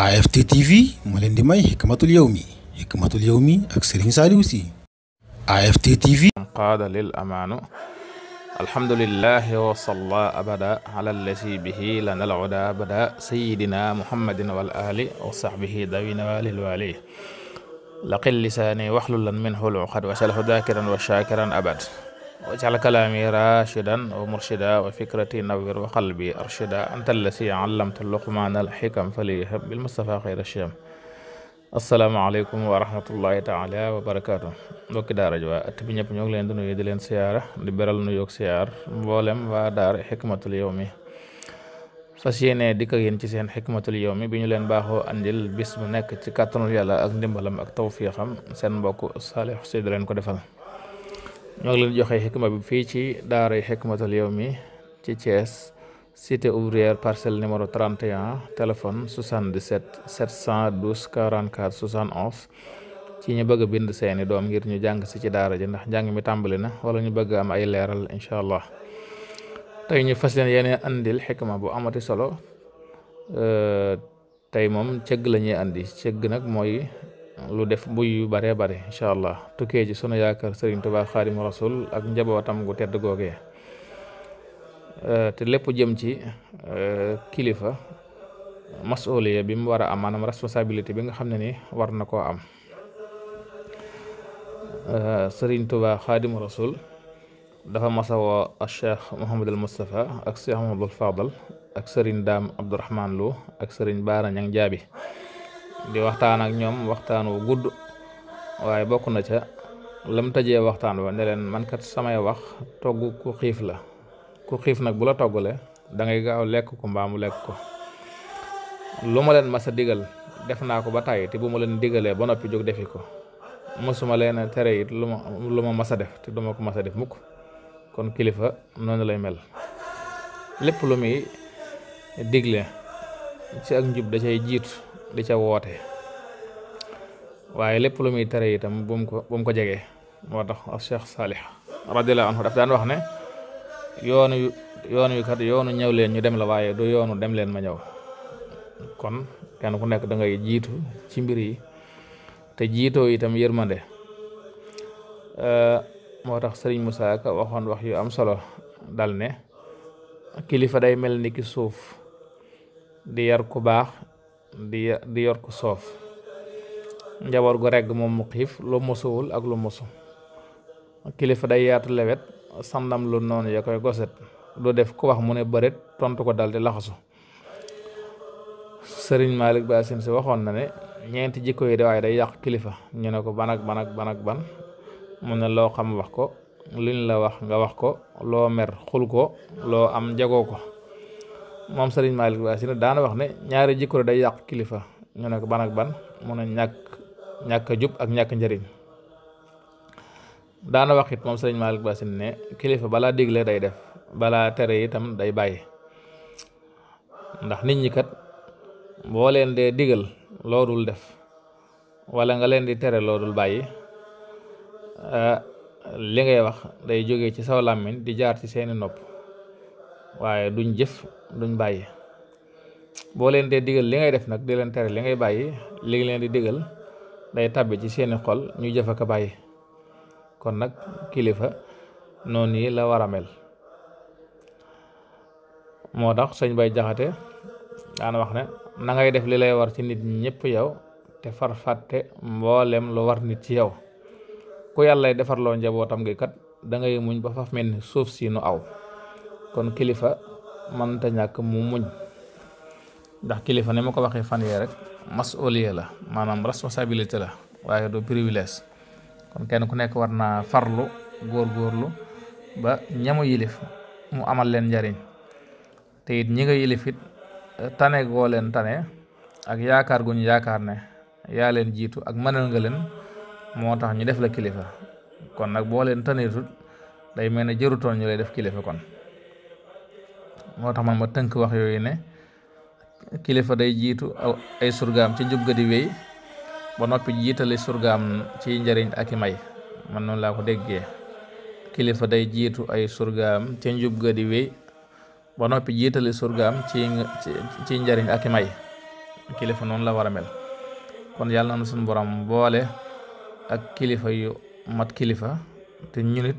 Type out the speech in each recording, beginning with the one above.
AFT TV moo leen di may xikmatul yawmi xikmatul yawmi ak Serigne Saliou Sy AFT TV qaada lil amaanu alhamdulillahi wa salla abada ala allasi bihi lana al uda bada sayidina muhammadin wal ali wa sahbihi dawina walil wali laqil lisaani waxlulan minhu luqad wasalhu dakiran wa shakiran abad واجعل كلامي راشدا ومرشدا وفكرتي نور وقلبي أرشدا أنت الذي علمت لقمان الحكم فليهب بالمصطفى خير الشام asalaamaaleykum wa rahmatullahi taala wa barakaatu mbokki daara ji waa at bi ñëpp ñoo ngi leen di nuyu di leen siyaara di beral nuyoog siyaar mboolem wa daara xikmatul yawmi dikk ak ci seen xikmatul yawmi bi ñu leen baaxoo andil bis bu nekk ci kàttanul yàlla ak ndimbalam ak tawfiixam seen mbokk Saalix Si leen ko defal ñoo ngi leen joxe xikma bi fii ci daaray Hikmatul mi ci Thiès cité ouvrière parcelle numéro 31 téléphone 77 712 44 71 ci ñu bëgg bind seeni doom ngir ñu jàng si ci daara ji ndax njàng mi tàmbali na wala ñu bëgg am ay leeral incha allah tey ñu fas leen yeneen andil xikma bu amati solo tey moom cëgg lañuy indi andi cëgg nag mooy lu def buy yu bare bare incha allah tukkee ci sunu yaakaar Serigne Touba Xaadimu Rasul ak njabootam gu tedd googee eh, te lépp jëm ci eh, kilifa masuliya bi mu war a am maanaam responsabilité bi nga xam ne ni war na koo am eh, Serigne Touba Xaadimu Rasul dafa masawoo ak Cheikh Mouhamadul Moustapha ak Cheikh Mouhamadul Fadal ak Serigne Dame ak Serigne Baara Ñang Jaabi di waxtaan ak ñoom waxtaan wu gudd waaye bokk na ca lam tëjee waxtaan wa ne leen samay wax togg ku xiif la ku xiif nag bu la toggale da ngay gaaw lekk ko mbaa mu lekk ko lu ma leen mas a digal def naa ko ba tàyyi te bu ma leen diggalee ba noppi jóg defi ko mosuma leen a tere it lu ma lu ma mas a def te duma ko mas a def mukk kon kilifa noonu lay mel lépp lu muy digle ci ak njub da cay jiitu di ca woote waaye lépp lu muy tere itam bu mu ko bu jegee moo tax ak Cheikh Saalix radiyallahu anhu daf daan wax ne yoonu yoonu yu kat yoonu ñëw leen ñu dem la waaye du yoonu dem leen ma ñëw kon kenn ku nekk da ngay jiitu ci mbir yi te jiitoo itam yërmande moo tax Sëriñ Musaa Ka waxoon wax yu am solo dal ne kilifa day mel ni ki suuf di yar ku baax di di yor ku soof njaboot gu regg moom mu xiif lu musuwul ak lu musu kilifa day yaatu lewet sandam lu noonu ya koy goset lu def ku wax mu ne bërit tontu ko dal daldi laxasu sëriñ Malick Bassine si waxoon na ne ñeenti jikko yi de waaye day yàq kilifa ñu ne ko ban ak ban ak ban ak ban mu ne loo xam wax ko luñ la wax nga wax ko loo mer xul ko loo am jagoo ko moom Serigne Malick Bassine daan wax ne ñaari jikko la day yàq kilifa ñu ne ko ban ak ban mu ne ñàkk ñàkk jub ak ñàkk njëriñ daana wax it moom Serigne Malick Bassine ne kilifa balaa digle day def balaa tere itam day bàyyi ndax nit ñi kat boo leen dee digal loo def wala nga leen di tere loo bàyyi eh, li ngay wax day jóge ci saw làmmiñ di jaar ci seeni nopp waaye duñ jëf duñ bàyyi boo leen dee digal li ngay def nag di leen tere li ngay bàyyi li ngi leen di diggal day tàbbi ci seeni xol ñu jëf ak bàyyi kon nag kilifa noonu yi la war a mel moo tax sëñ bay jaxate daan wax ne na ngay def li lay war ci nit ñëpp yow te far mboolem lu war nit ci yow ku yàllay defarloo njabootam gi kat da ngay muñ ba faf mel ni suuf si nu aw kon kilifa mënta ñàkk mu muñ ndax kilifa ni ma ko waxee fan yee rek masuliya la maanaam responsabilité la waaye du privilège kon kenn ku nekk war naa farlu góorlu ba ñamu yilif mu amal leen njariñ te ñi nga yilif it tane goo leen tane ak yaakaar gu ñu yaakaar ne yaa leen jiitu ak mënal nga leen moo tax ñu def la kilifa kon nag boo leen taniitut day mel jërutoon ñu lay def kilifa kon moo tax man ma tënk wax yooyu ne kilifa day jiitu ay surgaam ci njub ba noppi jiitale surgaam ci njariñ ak may man noonu laa ko déggee kilifa day jiitu ay surgaam ci njub ba noppi jiitale surgaam ci ci njariñ ak may kilifa noonu la war a mel kon yàlla na suñu borom boole ak kilifa yu mat kilifa te ñu nit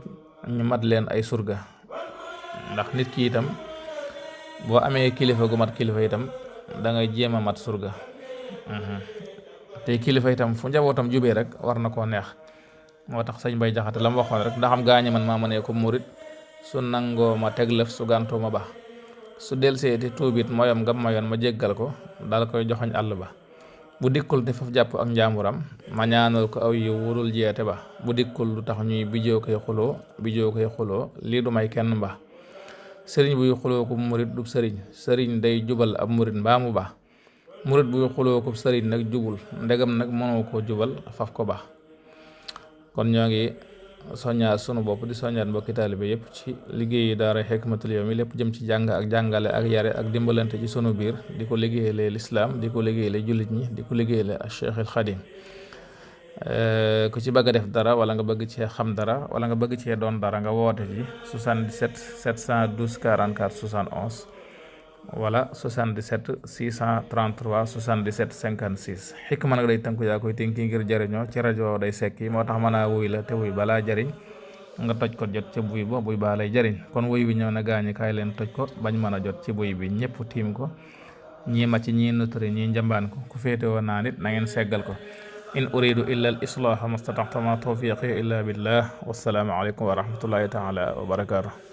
ñu mat leen ay surga ndax nit ki itam boo amee kilifa gu mat kilifa itam dangay ngay jéem a mat surga mhm. te kilifa itam fu njabootam jubee rek war na koo neex moo tax sañ bay jaxate la mu waxoon rek ndax xam gaañe man maa ma ko murit su nangoo ma teglëf su gàntoo ma ba su delsee te tuubit moyom nga mayoon ma jéggal ko dal koy joxoñ àll ba bu dikkul te faf jàpp ak njaamuram ma ñaanal ko aw yi wurul jeete ba bu dikkul lu tax ñuy bijoo koy xuloo bijoo koy xuloo lii du may kenn mba sëriñ buy xuloo ko murit du sëriñ sëriñ day jubal ab murit mbaa mu baax murit buy xuloo ko sëriñ nag jubul ndegam nag mënoo koo jubal faf ko baax kon ñoo ngi soññaat sunu bopp di soññaat mbokki taalibe yëpp ci liggéeyi daara Hikmatul Yawmi lépp jëm ci jàng ak jàngale ak yare ak dimbalante ci sunu biir di ko liggéeyale lislaam di ko liggéeyale jullit ñi di ko liggéeyale Cheikh al Xadim Eh, ku ci bëgg def dara wala nga bëgg cee xam dara wala nga bëgg cee doon dara nga woote ci 77 712 44 71 wala 77 633 77 56 xikma nag day tënku yaa koy tënki ngir jëriñoo ci rajo day sekki moo tax mën a wuy la te wuy balaa jëriñ nga toj ko jot ci buy boobu baa lay jëriñ kon wuy bi ñëw na gaañi kaay leen toj ko bañ mën a jot ci buy bi ñëpp tiim ko ñii màcc ñii nutari ñii njambaan ko ku féete woon naa nit na ngeen seggal ko in uridu illa al islaha mastata'tu ma tawfiqi illa billah wassalaamu aleykum wa rahmatullahi taala wa barakatuh